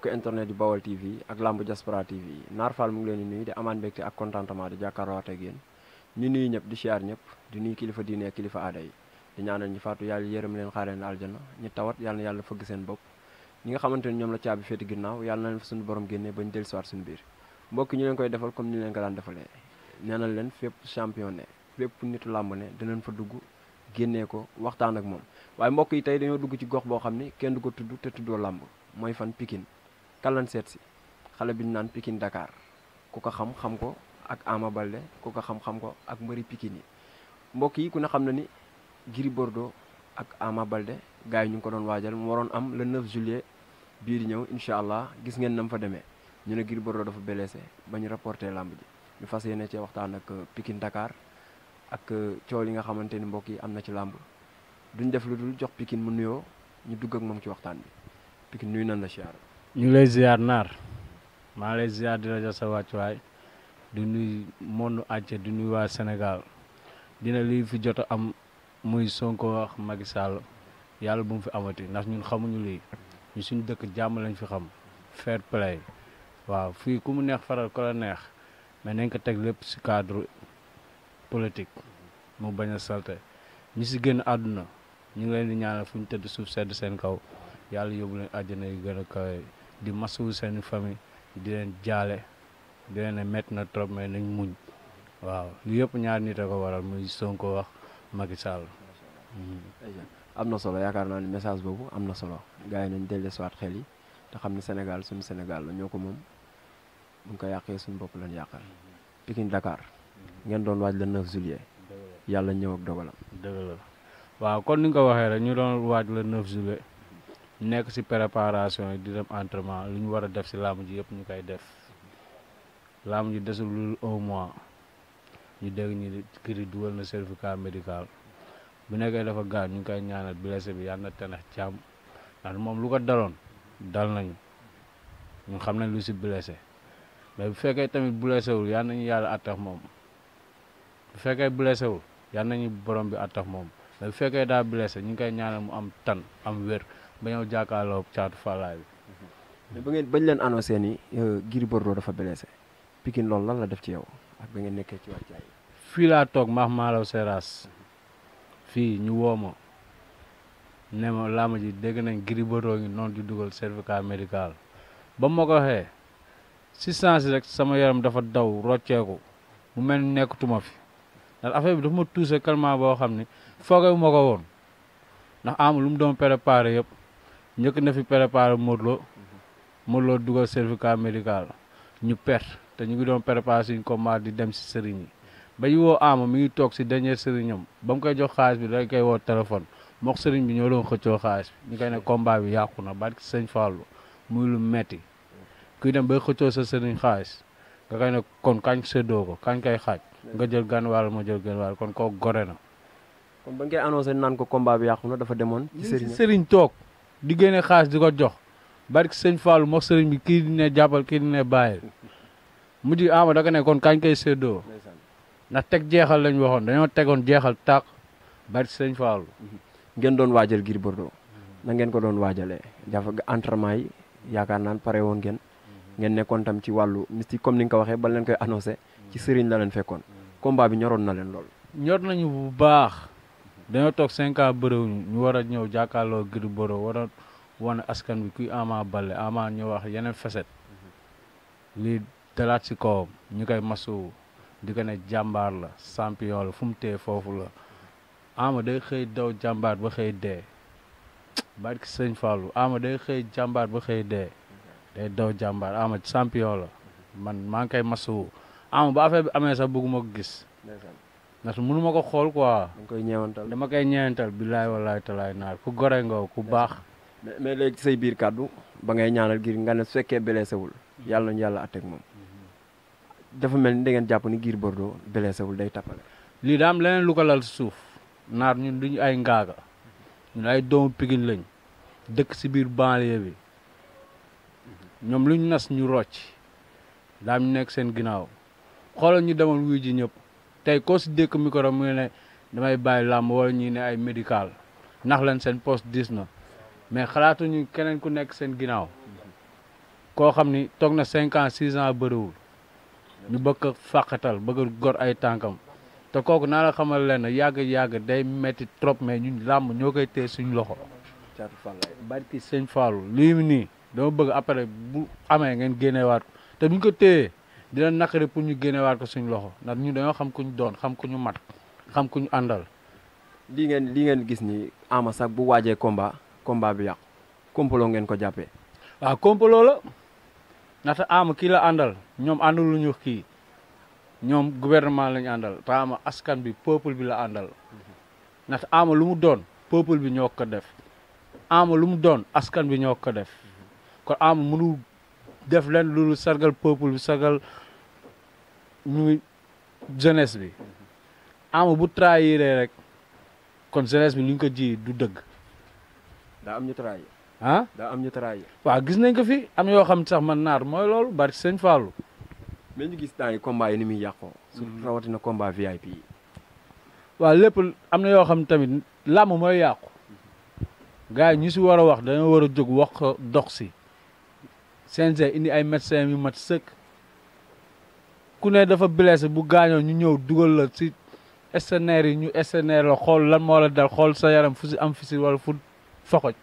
mbokk internet yu Baol TV ak Lamb Diaspora TV Naar Fall mu ngi leen di nuyu di amaan mbégte ak contentement di jàkkaarwaat ak yéen ñu nuyu ñëpp di siyaar ñëpp di nuyu kilifa diine ak kilifa aada yi di ñaanal ñi faatu yàlla yërëm leen xaare leen aljana ñi tawat yàlla na yàlla fëgg seen bopp ñi nga xamante ni ñoom la caabi féeti ginnaaw yàlla na leen fa suñu borom génnee bañ dellusiwaat suñu biir mbokk koy defal comme ni leen ko daan defalee neenal leen fépp champion ne fépp nitu làmb ne dinañ fa dugg génnee ko waxtaan ak moom waaye mbokk yi tey dañoo dugg ci gox boo xam ni kenn du ko tudd te tuddoo làmb mooy fan Pikine kallan seet si xale bi ñu naan Pikine Dakar ku ko xam xam ko ak Ama Balde ku ko xam xam ko ak mbëri pikin yi mbokk yi ku ne xam na ni Gris Bordeaux ak Ama Balde gars yi ñu ngi ko doon waajal mu waroon am le 9 juillet bii di ñëw incha allah gis ngeen nam fa demee ñu ne Gris Bordeaux dafa blessé ba ñu rapporté làmb ji ñu fas yéene cee waxtaan ak euh, pikin dakaar ak euh, coow yi nga xamante ni mbokk yi am na ci làmb duñ def lu dul jox pikin mu nuyoo ñu dugg moom ci waxtaan bi Pikine nuyu nan la siyaar ñu ngi lay ziar naar maa lay ziar di la jox sa wàccuwaay di nuy monde entier du nuy waa Sénégal dina lii fi jot am muy Sonko wax Macky yàlla bu mu fi amati ndax ñun xamuñu lii ñu suñu dëkk jàmm lañ fi xam fair play waaw fii ku mu neex faral ko la neex mais nañ ko teg lépp ci cadre politique mu bañ a salte ñu si génn àdduna ñu ngi leen di ñaanal fu ñu tëdd suuf sedd seen kaw yàlla yóbbu leen àjjana yu gën a di masu seen famille di leen jaale di leen ne métti na trop mais nañ muñ waaw li yëpp ñaar nit a ko waral muy Sonko wax Macky Sall. Mm-hmm. am na solo yaakaar naa ne message boobu am na solo gars yi nañ dellusiwaat xel yi te xam ne Sénégal suñu Sénégal la ñoo ko moom buñ ko yàqee suñu bopp lañ yàqal. Pikine Dakar ngeen doon waaj le 9 juillet. yàlla ñëw ak dogalam. waaw kon ni nga ko waxee rek ñu doon waaj le 9 juillet. nekk si préparation yi di dem entrement lu ñu war a def si laamu ji yëpp ñu koy def laamu ji desul lu un mois ñu dégg ñu kiri dugal na certificat médical bu nekkee dafa gaañ ñu ngi koy ñaanal blessé bi yàlla na tenex càmm ndax moom lu ko daloon dal nañu ñu xam nañ lu si blessé mais bu fekkee tamit blessé wul yàlla nañu yàlla attax moom bu fekkee blessé wul yàlla nañu borom bi attax moom mais bu fekkee daa blessé ñu ngi koy ñaanal mu am tan am wér ba ñëw caatu Fallaye bi. mais ba ngeen bañ leen annoncé ni euh, Gris Bordeaux dafa blessé Pikine loolu lan la def ci yow ba ngeen nekkee ci wàccaay fii laa toog maax maalaw Seras fii ñu woo ma ne ma laa ma ji dégg nañ Gris Bordeaux ngi noonu di dugal certificat médical ba ma ko waxee si sens rek sama yaram dafa daw rocceeku mu mel ni nekkatuma fi ndax affaire bi dafa ma touché calmement boo xam ne foogee ma ko woon ndax am lu mu yëpp. njëkk na fi préparé Modou Lo Modou Lo dugal certificat médical ñu perte te ñu ngi doon préparé suñ combat di dem si sëriñ yi ba ñu woo Ama mi ngi toog si dernier sëriñam ba mu koy jox xaalis bi dañ koy woo téléphone mook sëriñ bi ñoo doon xëccoo xaalis bi ñu kay ne combat bi yàqu na barki sëñ Fallou muy lu metti kuy dem bay xëccoo sa sëriñ xaalis nga koy ne kon kañ séddoo ko kañ koy xaaj nga jël gan wàll ma jël gan kon koo gore na. kon ba ngay annoncé naan ko combat yàqu na dafa demoon. ci sëriñ toog. di génne xaalis di ko jox barki sëñ Fallou moo sëriñ bi kii di ne jàppal kii di ne bàyyil mujj ama da nga ne kon kañ koy séddoo ndax teg jeexal lañ waxoon dañoo tegoon jeexal tàq barki sëñ Fallou. ngeen doon waajal Gris Bordeaux na ngeen ko doon waajalee jafe entraînement yi yaakaar naan pare woon ngeen ngeen nekkoon tam ci wàllu mystique comme ni nga ko waxee ba leen koy annoncé ci sëriñ la leen fekkoon combat bi ñoroon na leen lool. ñor nañu bu dañoo toog cinq ans bëriwuñu ñu war a ñëw jàkkaarloo Gris Bordeaux war a wan askan bi kuy Ama Baldé Ama ñu wax yeneen facette mhm. lii dalaat si kawam ñu koy masu di ko jàmbaar la champion la fu mu tee foofu la Ama day xëy daw jàmbaar ba xëy dee barki sëñ Fallou Ama day xëy jàmbaar ba xëy dee day daw jàmbaar Ama champion la mhm. man maa ngi koy masu Ama ba affaire bi amee sax bëgguma gis parce que mënu ko xool quoi. dama koy ñeewantal dama koy ñeewantal billaay walaay talaay naar ku gore nga ku baax. mais léegi say biir kàddu ba ngay ñaanal giir nga ne su fekkee blessé wul yàlla yàlla àtteeg moom dafa mel ni da ngeen jàpp ni giir Bordeaux blessé wul day tappale lii daam leneen lu ko lal suuf naar ñu duñu ay ngaaga ñun ay doomu Pikine lañ dëkk ci biir banlieue bi ñoom luñ nas ñu rocc daam ñu nekk seen ginnaaw xoolal ñu demoon wuy ji ñëpp. tey koo si dékk micro mu ngi ne damay bàyyi làmb wala ñuy ne ay médical ndax leen seen poste dis na mais xalaatuñu keneen ku nekk seen ginnaaw koo xam ni toog na cinq ans six ans bëriwul ñu bëgg a fàqatal bëgg gor ay tànkam te kooku naa xamal leen a yàgg-yàgg day metti trop mais ñu làmb ñoo koy téye suñu loxo barki sëñ Fallou lii nii dama bëgg après bu amee ngeen génneewaat ko te buñ ko téyee dina naqari pour ñu génnewaat ko suñ loxo ndax ñu dañoo xam ku ñu doon xam ku ñu mat xam ku ñu àndal. lii ngeen lii ngeen gis ni Ama sax bu waajee komba combat bi yàqu complot ngeen ko jàppee. waaw complot la ndaxte Ama kii la àndal ñoom àndal lu ñu kii ñoom gouvernement la ñu àndal te Ama askan bi peuple bi la àndal ndaxte Ama lu mu doon peuple bi ñoo ko def Ama lu mu doon askan bi ñoo ko def kon Ama mënu def leen lu sargal peuple bi sargal ñu jeunesse bi ama bu trahiré rek kon jeunesse bi lu ñu ko ji du dëgg. daa am ñu trahir. ah daa am ñu trahir. waa gis nañ ko fi am na yoo xam sax man naar mooy loolu bari sëñ Fallou. mais ñu gis temps yi combat yi ni muy yàqoo. surtout mm-hmm. rawatina combat VIP yi. waaw lépp am na yoo xam tamit làmb mooy yàqu. gars yi ñu si war a wax dañoo war a jóg wax dox si. CNG indi ay médecins yu mat sëkk ku ne dafa blessé bu gaañoo ñu ñëw dugal la si scanner yi ñu scanner la xool lan moo la dal xool sa yaram fu si am fi si wala fu foxoj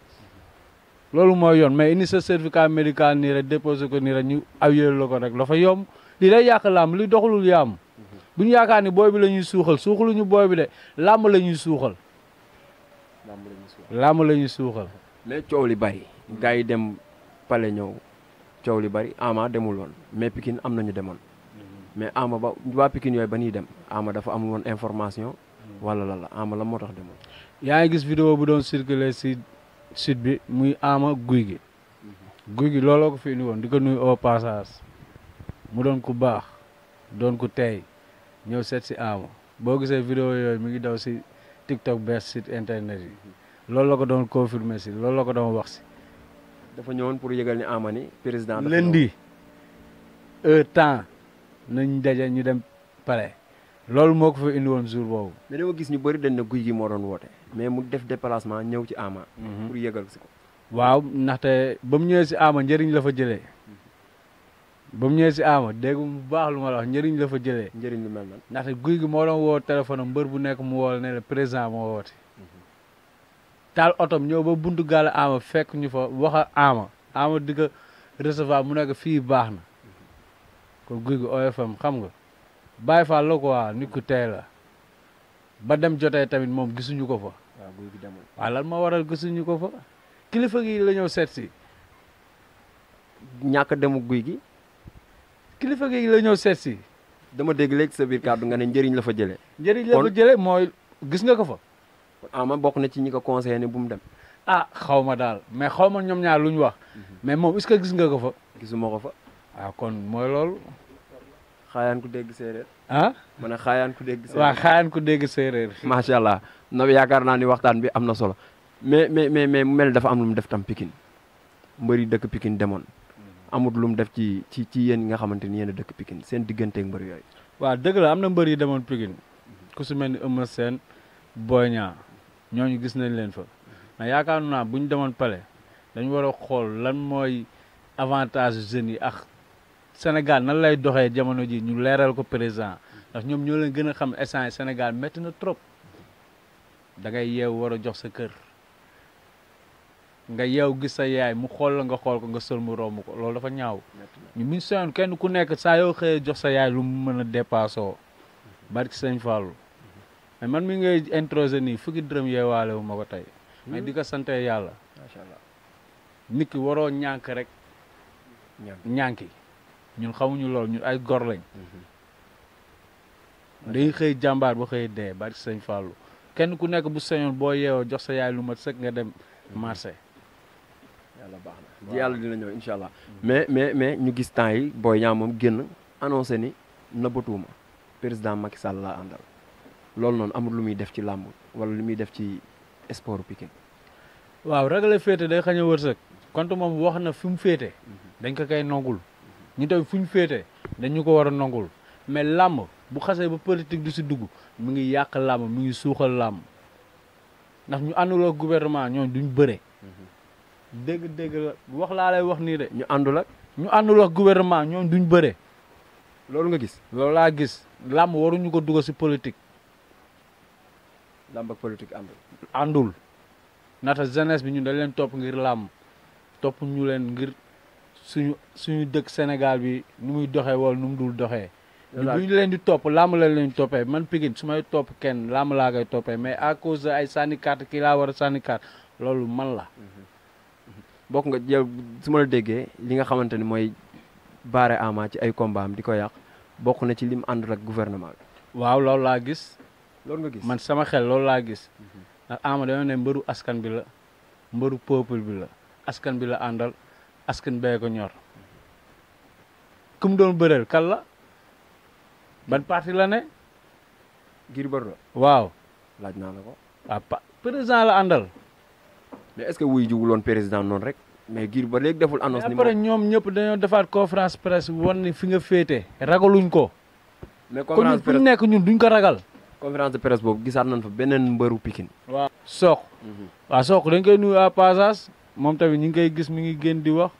loolu mooy yoon mais indi sa certificat médical nii rek déposé ko nii rek ñu awiyal la ko rek dafa yomb lii day yàq làmb li doxalul yaam bu ñu yaakaar ni booy bi la ñuy suuxal suuxaluñu booy bi de làmb la ñuy suuxal. làmb lañu suuxal làmb la ñuy suuxal. mais coow li bari. gars yi dem pale ñëw. coow li bari Ama demul woon mais Pikine am nañu demoon mais Ama ba waa pikin yooyu ba ñuy dem Ama dafa amul woon information wala la la Ama la moo tax demul. yaa ngi gis vidéo bu doon circuler si site bi muy Ama guy gi guy gi looloo ko fii indi woon di ko nuy au passage mu doon ku baax doon ku tey ñëw seet si Ama boo gisee vidéo yooyu mi ngi daw si TikTok bees site internet yi loolu la ko doon confirmer si loolu la ko doon wax si. dafa ñëwoon pour yëgal ni Amani président lundi heure temps nañ daje ñu dem pare loolu moo ko fa indi woon jour boobu. mais dama gis ñu bëri dañ na guy gi moo doon woote. mais mu def déplacement ñëw ci Ama. Mhm. pour yëgal si ko. waaw ndaxte ba mu ñëwee si Ama njëriñ la fa jëlee ba mu ñëwee si Ama dégg mu baax lu ma la wax njëriñ la fa jëlee. njëriñ lu mel noonu. ndaxte guy gi moo woo téléphone am mbër bu nekk mu woo ne la président moo woote. daal otom ñëw ba buntu gaal ama fekk ñu fa wax a ama ama di mu nekk fii baax na kon guy gi OFM xam nga bàyyi fa la quoi nit ku tey la ba dem jotee tamit moom gisuñu ko fa waaw lan ma waral gisuñu ko fa kilifa gi la ñëw seet si ñàkk demu guy gi kilifa gi la ñëw seet si dama dégg léegi sa biir kàddu nga ne njëriñ la fa jëlee njëriñ la fa jëlee mooy gis nga ko fa ama ah, bokk na ci ñi ko conseillé ne bu mu dem. ah xaw ma daal mais xaw ma ñoom ñaar lu ñu wax. Mhm. mais moom est-ce gis nga ko fa. gisuma ko fa. waaw ah, kon mooy loolu. xaayaan ku dégg séeréer. ah ma ne xaayaan ku dégg séeréer. waaw xaayaan dégg séeréer. macha allah no yaakaar naa ni waxtaan bi am na solo mais mais mais mais mu mel dafa am lu mu def tam Pikine mbëri dëkk pikin demoon mhm. amut lu mu def ci ci ci yéen nga xamante ni yéen a dëkk pikin seen digganteeg mbëri yooyu. waaw dëgg la am na mbër yi demoon Pikine ku si mel ni Eumeu ñooñu gis nañ leen fa mais yaakaar naa bu ñu demoon pale dañu war a xool lan mooy avantage jeunes yi ak Sénégal nan lay doxee jamono ji ñu leeral ko président ndax ñoom ñoo leen gën a xam essence Sénégal métti na trop dangay ngay yeew war a jox sa kër nga yeew gis sa yaay mu xool la nga xool ko nga sël mu romb ko loolu dafa ñaaw ñu muñ soyoon kenn ku nekk saa yoo xëyee jox sa yaay lu mu mën a dépassoo bari sëñ Fallou mais man mi ngay introsé nii fukki dërëm yeewaale wu ma ko tey. mais di ko sante yàlla. macha allah nit ki waroo ñànk rek. ñànki ñun xamuñu lool ñun ay gor lañ. Mhm. day xëy jàmbaar ba xëy dee bari sëñ Fallou kenn ku nekk bu sañoon boo yeewoo jox sa yaay lu mat sëkk nga dem mhm. marché. yàlla baax yàlla dina ñëw incha allah. Mhm. mais mais mais ñu gis temps yi Boy Niang moom génn annoncé ni nëbbatuwuma président Macky Sall laa àndal. loolu noonu amul lu muy def ci làmb wala lu muy def ci sport Pikine waaw ragale féete day xañ a wërsëg kont moom wax na fi mu féete mhm. dañ ko koy nongul ñu tamit fu ñu féete dañu ko war a nongul mais làmb bu xasee ba politique du si dugg mu ngi yàq làmb mu ngi suuxal làmb ndax ñu ànduloo gouvernement ñooñ duñ bëre mhm. dégg wax laa lay wax nii de ñu àndul ak ñu àndul ak gouvernement ñooñ duñ loolu nga gis loolu laa gis làmb waruñu ko dugal si politique làmb ak politique àndul. àndul nata jeunesse bi ñu dañ leen topp ngir làmb topp ñu leen ngir suñu suñu dëkk Sénégal bi nu muy doxee wala nu dul doxee. bu ñu leen di topp làmb lañ leen toppee man Pikine su may topp kenn làmb laa koy toppee mais à cause de ay sànni carte kii laa war a sànni carte loolu man la. Mm-hmm. bokk nga yow su ma la déggee li nga xamante ni mooy bare ama ci ay combat di ko yàq bokk na ci lim àndul ak gouvernement waaw loolu laa gis. loolu nga man sama xel loolu laa gis mhm. ndax Ama dañoo mbëru askan bi la mbëru peuple bi la askan bi la àndal askan bee ko ñor ku mu doon bëreel kan la ban parti la ne. Gris Bordeaux. waaw. laaj naa la ko. waaw ah, pa président la àndal. mais est-ce que wuy jugul woon président noonu rek. mais Gris ba léegi deful annonce. ni après ñoom ñëpp dañoo defaat conférence presse wan ni fi nga féete. ragaluñ ko. mais ko presse nekk ñun duñ ko ragal. conférence de presse boobu gisaat nañ fa beneen mbëru Pikine. waaw Sokh. sook Sokh dañ koy nuyu à passage moom tamit ñi ngi koy gis mu ngi génn di wax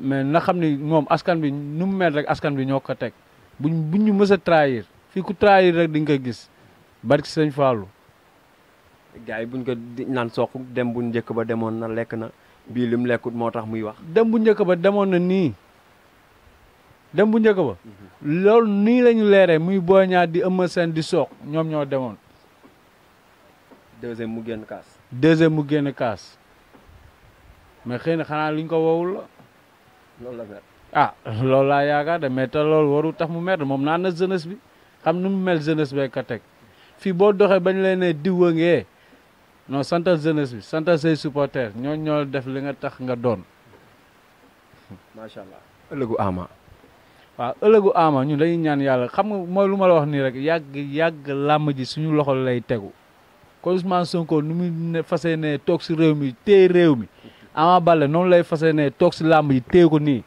mais na xam ni moom askan bi nu mu mel rek askan bi ñoo ko teg buñ buñ ñu mës a trahir fii ku trahir rek di nga ko gis barki sëñ Fallou. gars yi buñ ko naan sooku dem bu njëkk ba demoon na lekk na bii mu lekkut moo tax muy wax. dem bu njëkk ba demoon na nii. dem bu njëkk ba loolu nii la ñu leeree muy Boy Niang di Eumeu seen di Sokh ñoom ñoo demoon deuxième mu génn kaas deuxième mu génn kaas mais xëy na xanaa li ko wowul la loolu la ah, laa yaakaar de mais te lool waru tax mu mer moom naan na jeunesse bi xam nu mu mel jeunesse bee ka teg fii boo doxee bañ leen ne diwa ngee non santal jeunesse bi santal say supporters ñoo ñoo def li nga tax nga doon macha allah ama waa ëllëgu ama ñu dañuy ñaan yàlla xam nga mooy lu ma la wax nii rek yàgg yàgg làmb ji suñu loxo lay tegu kon Ousmane Sonko nu muy fasee ne toog si réew mi téye réew mi Ama Baldé noonu lay fasee ne toog si làmb ji téye ko nii.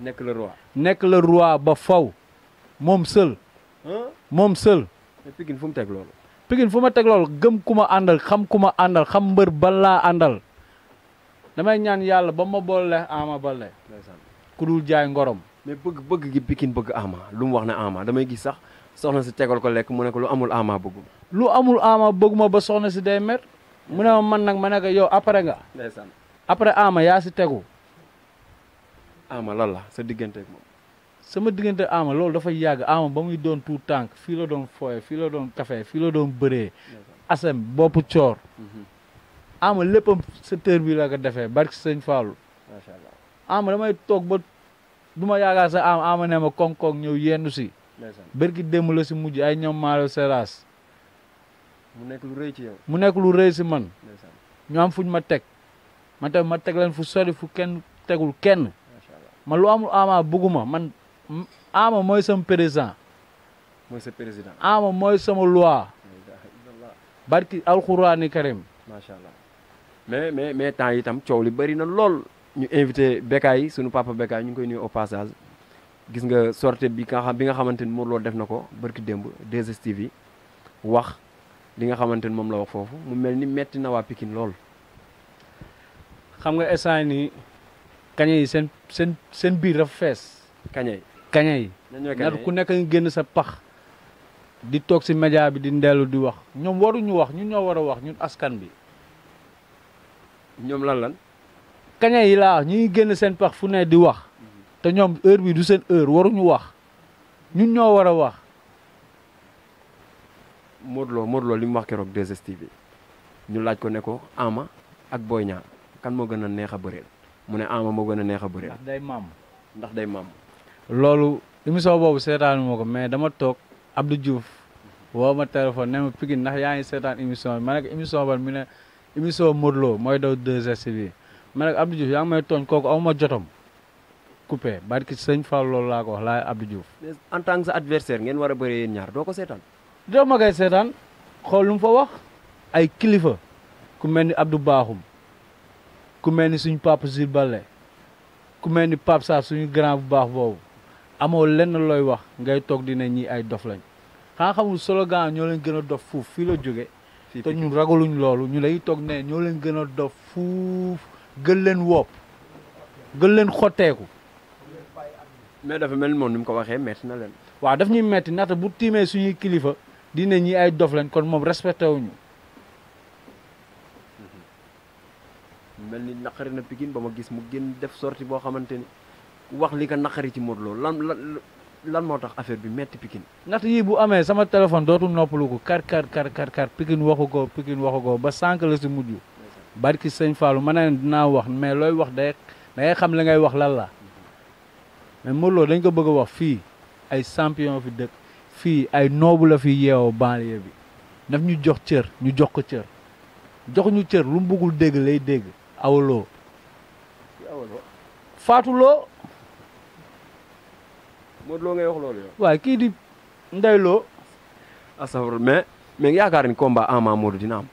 nekk le roi nekk le roi ba faw moom sël. moom sël. Pikine fu mu teg loolu. Pikine fu ma teg gëm ku ma àndal xam ku ma àndal xam mbër ban laa àndal damay ñaan yàlla ba ma boole Ama Baldé ku jaay ngorom. mais bëgg bëgg gi Pikine bëgg Ama lu mu wax ne Ama damay gis sax soxna si tegal ko lekk mu ne ko lu amul Ama bëggu ma lu amul Ama bëggu ma ba soxna si day mer mu ne ma man nag ma ne ko yow après nga ndeysaan après Ama yaa si tegu Ama la sa diggante sama diggante Ama loolu dafa yàgg Ama ba muy doon tout tànk fii la doon fooye fii doon café fii la doon bëree asem boppu coor mhm. Ama léppam sa tër bi defee barki sëñ Fallou macha damay toog du ma yaakaar sa am ama ne ma koŋ-koŋ ñëw yendu si. bërki la si mujj ay ñoom maalo seraas mu nekk lu rëy ci yow. mu nekk lu rëy man. ñu am fuñ ma teg man tamit ma teg leen fu sori fu kenn tegul kenn. man lu amul ama bugguma man ama mooy sama président. mooy sa président ama mooy sama loi. barki alxuraani karim. macha allah mais mais mais temps yi coow li bëri na lool. ñu invité Bécaye sunu papa Bécaye ñu ngi koy nuyu au passage gis nga sorté bi nga xam bi nga xamante ni Modou Lo def na ko barki démb 2STV wax li nga xamante ni moom la wax foofu mu mel ni metti na waa Pikine lool. xam nga instant ni kañe yi seen seen seen biir dafa fees. kañe yi kañe yi. ku nekk nga génn sa pax. di toog si média bi di ndellu di wax ñoom waruñu wax ñun ñoo war a wax ñun askan bi. ñoom lan lan. kaña yi laa wax ñu ngi génn seen pax fu ne di wax te ñoom heure bi du seen heure waruñu wax ñun ñoo war a wax. Modou Lo Modou li mu wax keroog 2STV bi ñu laaj ko ne ko Ama ak booy ñaar kan moo gën a neex a bëreel mu ne Ama moo gën a neex a bëreel. day maam ndax day maam. loolu émission boobu seetaanu ma ko mais dama toog Abdou Diouf woo ma téléphone ne ma Pikine ndax yaa ngi seetaan émission bi ma ne ko émission ban mu ne émission Modou mooy daw 2STV bi. ma ne ko Abdou Diouf yaa ngi may tooñ kooku aw ma jotom coupé barki sëñ Fall loolu laa ko wax laay Abdou Diouf. en tant que sa adversaire ngeen war a bëree ñaar doo ko seetaan. doo ma koy seetaan xool lu mu fa wax ay kilifa ku mel ni Abdou Bakhoum ku mel ni suñu papa Jules Baldé ku mel ni Pape Sarr suñu grand bu baax boobu amool lenn looy wax ngay toog dina ñi ay dof lañ xanaa xamul slogan ñoo leen gën a dof fuuf fii la jóge te ñun ragaluñ loolu ñu lay toog ne ñoo leen gën a dof fuuf gën leen wopp gën leen xotteeku. mais dafa mel moom ni mu ko waxee metti na leen. waaw daf ñuy metti ndaxte bu tiimee suñuy kilifa dina ñi ay dof leen kon moom respecté wuñu mm-hmm. mel ni naqari na Pikine ba ma gis mu génn def sorti boo xamante ni wax li ko naqari ci Modou Lo lan lan lan moo tax affaire bi meti Pikine. ndaxte yii bu amee sama téléphone dootul noppalu ko kar kar kar kar kar Pikine waxu ko Pikine waxu ba sànq la si mujj. barki sëñ Fallou ma ne dinaa wax mais looy wax day da ngay xam li ngay wax lan la mais Modou Lo dañ ko bëgg a wax fii ay champion fi dëkk fii ay noobu la fi yeew banlieue bi daf ñu jox cër ñu jox ko cër jox ñu cër lu mu bëggul dégg lay dégg awaloo faatuloo Modou Lo ngay wax lool yow waaye kii di ndeyloo asafar mais mais yaakaar ni combat Ama Modou dina am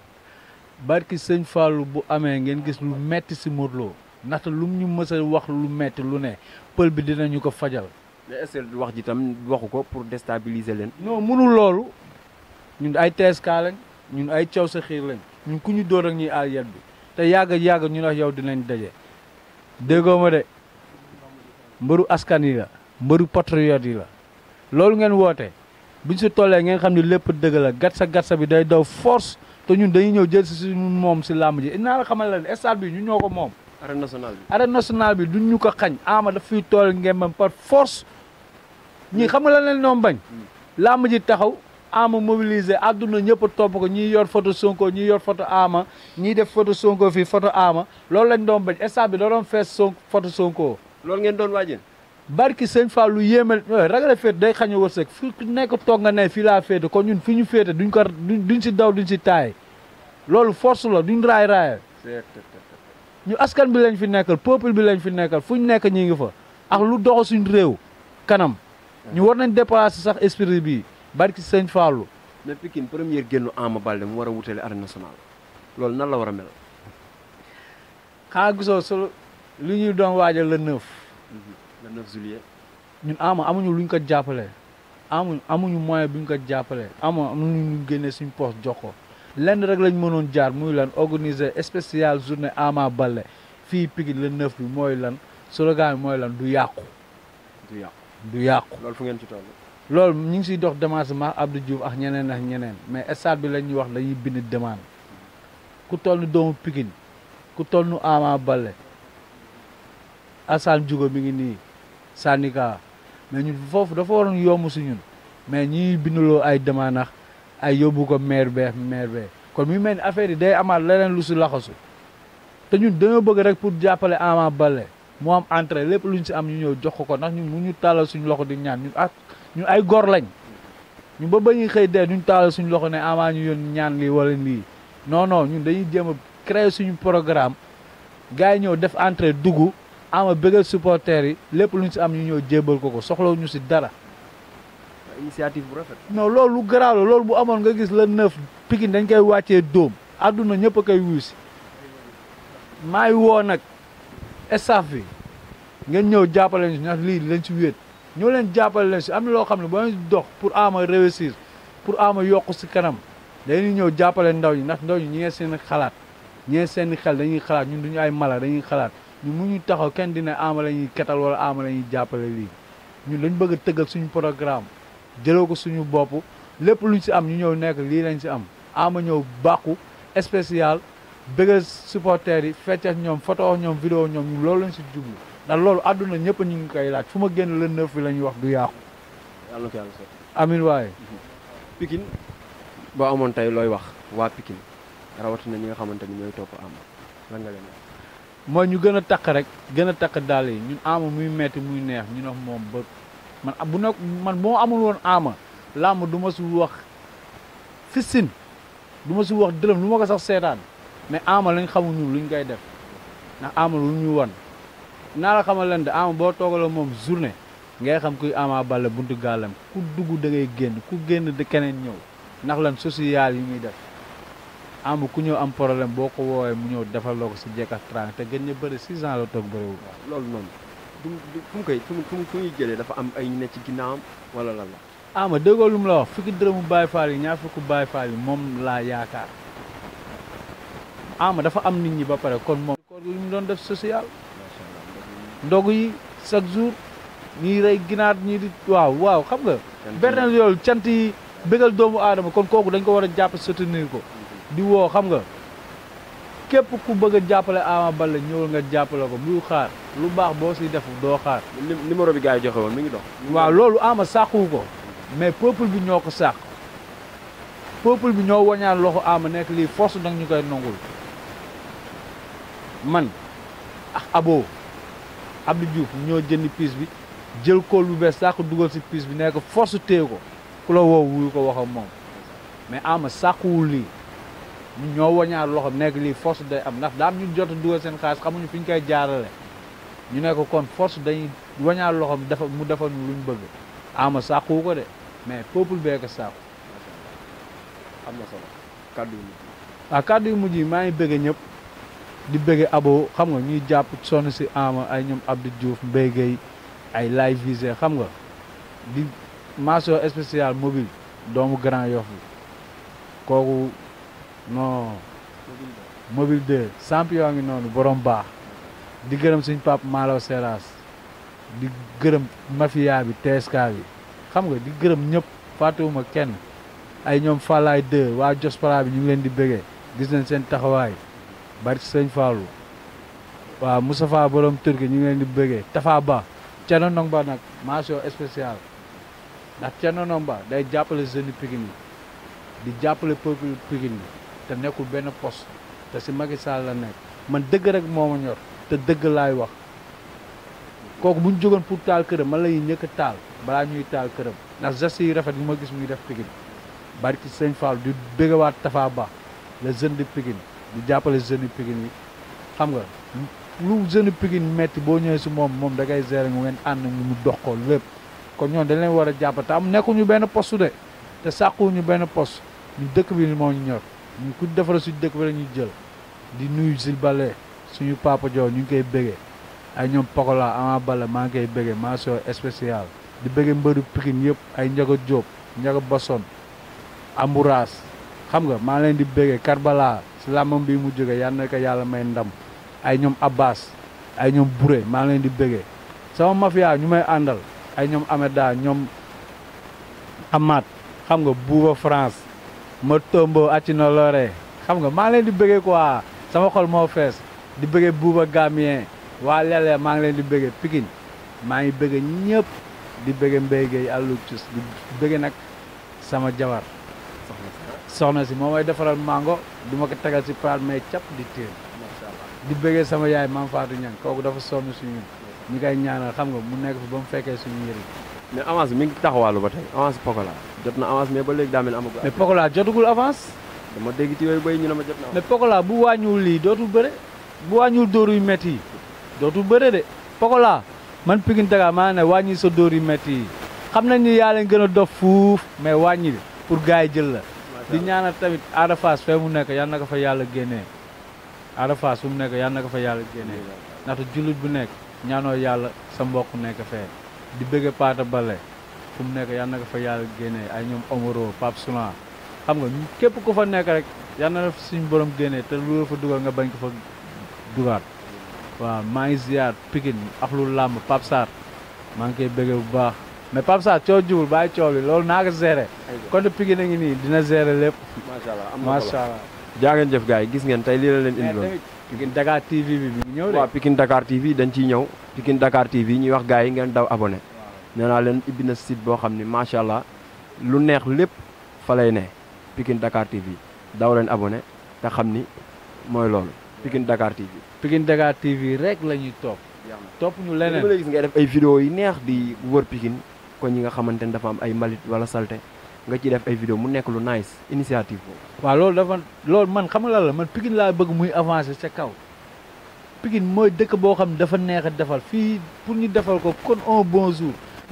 barki sëñ Fallou bu amee ngeen gis lu metti si Modou ndaxte lu ñu mësa wax lu metti lu ne pël bi dinañu ko fajal. mais est wax ji tam waxu ko pour déstabiliser leen. non mënul loolu ñun ay TSK lañ ñun ay caw sa xiir lañ ñun ku ñu dóor ak ñuy aar yet bi te yàgg yàgg ñun wax yow dinañ daje déggoo ma de mbëru askan yi la mbëru patriote yi la loolu ngeen woote buñ si tollee ngeen xam ne lépp dëgg la gatsa gatsa bi day daw force. te ñun dañuy ñëw jël si suñu moom si làmb ji naa la xamal la ne stade bi ñun ñoo ko moom. arène nationale bi arène nationale bi duñ ñu ko xañ ama daf fiy tool ngembam par force ñi xam nga la leen ñoom bañ. làmb ji taxaw ama mobiliser àdduna ñëpp a topp ko ñiy yor photo Sonko ñiy yor photo ama ñiy def foto Sonko fii photo ama loolu lañ doon bañ stade bi da doon fees Sonko photo Sonko. loolu ngeen doon barki sëñ Fall lu yéemal eh, ragal a féete day xañ a wërsëg fu nekk toog nga ne fii laa féete kon ñun fi ñu féete duñ ko duñ si daw duñ si taay loolu force la duñ raay raay ñu askan bi lañ fi nekkal peuple bi lañ fi nekkal fu ñu nekk ñi ngi fa ak lu doxo suñ réew kanam ñu war nañ déplacer sax esprit bi barki sëñ Fallou mais Pikine première génnu Ama Baldé mu war a wutale arène nationale loolu nan la war a mel solo lu ñuy doon waaja le neuf mhm. le 9 juillet. ñun ama amuñu luñ ko jàppale amuñu amuñu moyen buñ ko jàppale ama amuñu ñu suñ poste jox lenn rek lañ mënoon jaar muy leen organiser spécial journée Ama bale fii Pikine le 9 mooy lan slogan mooy lan du yàqu. du yàqu du yàqu. loolu fu ngeen ci toll. loolu ñu ngi siy dox démarchement Abdou Diouf ak ñeneen ak ñeneen mais stade bi la ñuy wax dañuy bind demande ku toll ni doomu Pikine ku tol nu Ama bale Assane Diouf mi ngi syndicat mais ñun foofu dafa waroon yomb si ñun mais ñi binduloo ay demande ay yóbbu ko maire beex maire beex kon mu mel ni affaire yi day amaat leneen lu si laxasu te ñun dañoo bëgg rek pour jàppale Ama bale mu am entrée lépp luñ si am ñu ñëw jox ko ko ndax ñun mu ñu tàllal suñu loxo di ñaan ñun ak ñun ay gor lañ ñu ba ba ñuy xëy dee duñ tàllal suñu loxo ne Ama ñu yoon ñaan lii wala lii non non ñun dañuy jéem a créer suñu programme gars yi ñëw def entrée dugg ama bëggal supporters yi lépp lu ñu si am ñu ñëw jébbal ko ko soxlawu ñu si dara. initiative bu rafet. non loolu lu garaaw loolu bu amoon nga gis la neuf Pikine dañ koy wàccee dóom àdduna ñëpp a koy wuusi maa ngi woo nag staff bi ngeen ñëw jàppale ñu ndax lii lañ si wéet ñoo leen jàppale leen si am na loo xam ne boo dox pour ama réussir pour ama yokk si kanam dañuy ñëw jàppale ndaw ñi ndax ndaw ñi ñi ngeen seen xalaat ñi ngeen seen xel dañuy xalaat ñun duñu ay mala dañuy xalaat. ñu mu ñu taxaw kenn dina ama la ñuy ketal wala ama la jàppale lii ñun dañ bëgg a tëggal suñu programme jëloo ko suñu bopp lépp luñ si am ñu ñëw nekk lii lañ si am ama ñëw bàqu spécial bëgg supporters yi feccex ñoom photo ñoom vidéo ñoom ñu loolu lañ si jublu na loolu àdduna ñëpp ñu ngi koy laaj fu ma génn le neuf bi la ñuy wax du yàqu amin waaye Pikine boo amoon tey looy wax waa Pikine rawatina ñi nga xamante ni ñooy topp am lan leen moo ñu gën a takk rek gën a takk dàll yi ñun ama muy metti muy neex ñu wax moom ba man bu nekk man boo amul woon aama làmb du ma si wax fissin duma si wax dërëm lu ma ko sax seetaan mais ama lañ xamul ñun luñ koy def nax ama lu ñu won naa la xamal leen de ama boo toogaloo moom journée ngay xam kuy ama bale buntu gàllam ku dugg da ngay génn ku génn de keneen ñëw ndax lan social yi muy def am ku ñëw am problème boo ko woowee mu ñëw defal loo ko si jekk ak te gën ñu bari six ans la toog bëriwul. loolu noonu du du fu mu koy fu mu fu jëlee dafa am ay ñu ne ci ginnaawam wala lan la. ama déggoo lu mu la wax fukki dërëmu Baye ñaar fukki Baye Fall yi moom laa yaakaar ama dafa am nit ñi ba pare kon moom. koor gi mu doon def social. ndog yi chaque jour ñii rey ginaar ñii di waaw waaw xam nga. beneen yoolu cant yi doomu aadama kon kooku dañ ko war a jàpp soutenir ko. di woo xam nga képp ku bëgg a jàppale Ama Baldé ñëwul nga jàppale ko bul xaar lu baax boo si def doo xaar. numéro bi gars yi joxe mi ngi dox. waaw loolu Ama sàkkuwu ko mais peuple bi ñoo ko sàkk peuple bi ñoo wañaan loxo Ama nekk lii force nag ñu koy nangul man ak Abo Abdou Diouf ñoo jënd piis bi jël ko lu bee sàkk dugal si piis bi nekk force téye ko ku la woo ko wax ak moom mais Ama sàkkuwul lii. ñu ñoo wañaar loxoom nekk lii force day am ndax daam ñun jot a dugal seen xaalis xamuñu fi ñu koy jaarale ñu ne ko kon force day wañaar loxoom dafa mu defal lu ñu bëgg ama sàqu ko de mais peuple bee ko na solo kàddu ah, kàddu yu mujj yi maa ngi bëgg ñëpp di bëgg abo xam nga ñuy jàpp sonn si ama ay ñoom Abdou Diouf Mbaye ay lay visé xam nga di mention spéciale mobile doomu Grand Yoff kooku non mobile 2 champion ngi noonu borom baax di gërëm suñ pap Malaw Seras di gërëm mafia bi TSK bi xam nga di gërëm ñëpp fàttewuma kenn ay ñoom Fallaye 2 waa Jospara bi ñu ngi leen di bëggee gis nañ seen taxawaay bari sëñ Fallou waaw Moustapha borom turki ñu ngi leen di bëggee Tafa Ba Thierno Nomba nag mention spéciale ndax Thierno Nomba day jàppale jeune Pikine di jàppale peuple Pikine yi te nekkul benn poste te si Macky Sall la nekk man dëgg rek moom ma ñor te dëgg laay wax kooku bu ñu jógoon pour taal këram man la ñuy ñëkk taal balaa ñuy taal këram ndax geste yi rafet yi ma gis muy def Pikine barki Sëñ Fall di bëggawaat Tafa Ba le jeune de Pikine di jàppale jeune Pikine yi xam nga lu jeune Pikine metti boo ñëwee si moom moom da ngay gérer ngeen ànd mu dox ko lépp kon ñoom dañ war a jàpp te am nekkuñu benn poste de te sàkkuñu benn pos ñu dëkk bi moo ñu ñor. ku defal suñ dëkk ba la ñuy jël di nuyu si bale suñu papa jow ñu ngi koy béggee ay ñoom Pokola Ama Balla maa ngi koy béggee mention spéciale di béggee mbëru Pikine yëpp ay Ndiaga Diop Ndiaga Basson Amouras xam nga maa leen di béggee Karbala si làmbam bi mu jógee yal na ko yàlla may ndam ay ñoom Abbas ay ñoom Bouré maa leen di béggee sama mafia ñu may àndal ay ñoom Ameda ñoom Amath xam nga Bouba France ma tombo accino lore xam nga maa ngi leen di bëggee quoi sama xol moo fees di bëggee buuba gamien waa lele maa ngi leen di bëggee Pikine maa ngi bëggee ñëpp di bëggee Mbaye Gueye àllu cus di bëggee nag sama jabar soxna si moo may defaral mango du ma ko tegal si palaat mais cap di téen di bëggee sama yaay maam Fatou Niang kooku dafa sonn suñu ñi koy ñaanal xam nga mu nekk fi ba mu fekkee suñu yëri mais avance mi ngi taxawaalu ba tey avance Pokola jot na avance mais ba léegi daa mel amagul. mais Pokola jotagul avance. dama dégg ci yooyu bay ñu ne ma jot na avance. mais Pokola bu wàññiwul lii dootul bëre bu wàññiwul dóor yu métti yi dootul bëre de Pokola man Pikine Dakar maa ne wàññi sa dóor yu métti xam nañ ni yaa leen gën a dof fuuf mais wàññi pour gars yi jël la. di ñaanal tamit Ada Fass fee nekk yal na ko fa yàlla génnee Ada Fass fu mu nekk yal na ko fa yàlla génnee ndaxte jullit bu nekk ñaanoo yàlla sa mbokk nekk fee di bëgg paata bale fu mu nekk yal na ko fa yàlla génne ay ñoom Omaro Pape Soulan xam nga képp ku fa nekk rek yal na def suñu borom génne te lu fa dugal nga bañ ko fa dugaat waaw maa ngi ziar Pikine ak lu làmb Pape Sarr maa ngi ke bëggee bu baax mais Pape Sarr coow jubul baa coow bi loolu naa ko gérer kon Pikine a ngi nii dina gérer lépp macha allah jaa ngeen jëf gars yi gis ngeen tey lii la leen indiloon Pikine Dakar TV bi bi ñëw de waaw Dakar TV dañ ciy ñëw Pikine Dakar TV ñuy wax gars yi ngeen daw abonné nee naa leen ibbi na site boo xam ni macha allah lu neex lépp falay ne Pikine Dakar TV daw leen abonné te xam ni mooy loolu Pikine Dakar TV. Pikine Dakar TV rek la ñuy topp. topp ñu leneen léegi gis ngay def ay vidéo yi neex di wër Pikine ko ñi nga xamante ni dafa am ay mbalit wala salte nga ci def ay vidéo mu nekk lu nice initiative boobu. waaw loolu dafa loolu man xam nga la man Pikine laa bëgg muy avancer ca kaw. Pikine mooy dëkk boo xam dafa neex a defal fii pour ñu defal ko kon un bon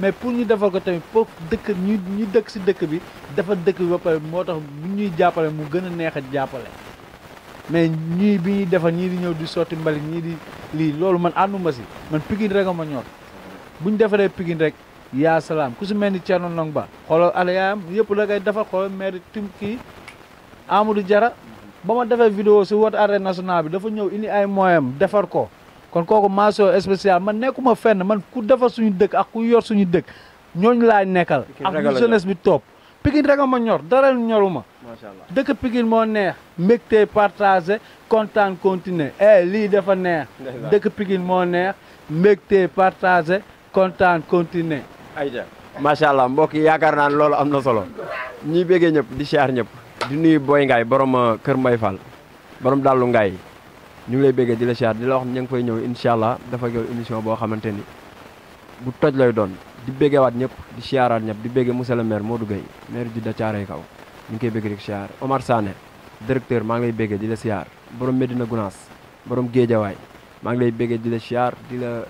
mais pour ñu defal ko tamit pour dëkk ñu ñu dëkk si dëkk bi defar dëkk bi ba pare moo tax bu ñuy jàppale mu gën a neex a jàppale mais ñii bi ñuy defar ñii di ñëw di sotti mbalit ñii di lii loolu man ànduma si man Pikine rek ma ñor bu ñu defaree Pikine rek yaa salaam ku si mel ni Thierno Ndong Ba xoolal alayaam yëpp la koy defar xoolal maire tim kii Amadou Diarra ba ma defee vidéo si woote arène nationale bi dafa ñëw indi ay moyens defar ko kon kooku mention spéciale man nekkuma fenn man ku defar suñu dëkk ak ku yor suñu dëkk ñooñu laay nekkal ak jeunesse bi topp Pikine rek ma ñor dara ñoruma macha allah dëkk Pikine moo neex mbégte partagé kontaan continuer eh lii dafa neex dëkk Pikine moo neex mbégte partagé kontaan continuer ayja macha allah mbokk yi yaakaar naa ne loolu am na solo ñiy béggee ñëpp di siyaar ñëpp di nuyu Boy Ngaay borom euh, Kër Mbay Fall borom Dallu Ngaay ñu ngi lay béggee di la siyaar di la wax ña ngi fay ñëw incha allah dafa yow émission boo xamante ni bu toj lay doon di béggewaat ñëpp di siyaaraat ñëpp di béggee monsieur le maire Modou Gueye maire Djiddah Thiaroye Kaw ñu ngi koy bégg rek siyaar Omar Sané directeur maa ngi béggee di la siyaar borom Medina Gounass borom Géejawaay maa ngi lay béggee di la siyaar di la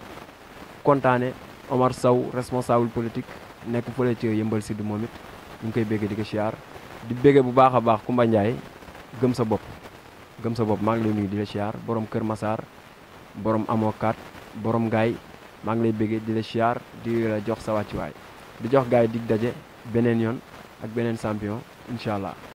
kontaane Omar Sow responsable politique nekk fële ci yëmbal siddu moom it ñu ngi koy béggee di ko siyaar di béggee bu baax a baax Koumba Ndiaye gëm sa bopp gëm sa bopp maa ngi lay nuyu di la borom Kër Massar borom amokat borom gaay maa ngi lay bëggee di la siyaar di la jox sa wàccuwaay di jox gaay dig daje beneen yoon ak beneen champion incha allah.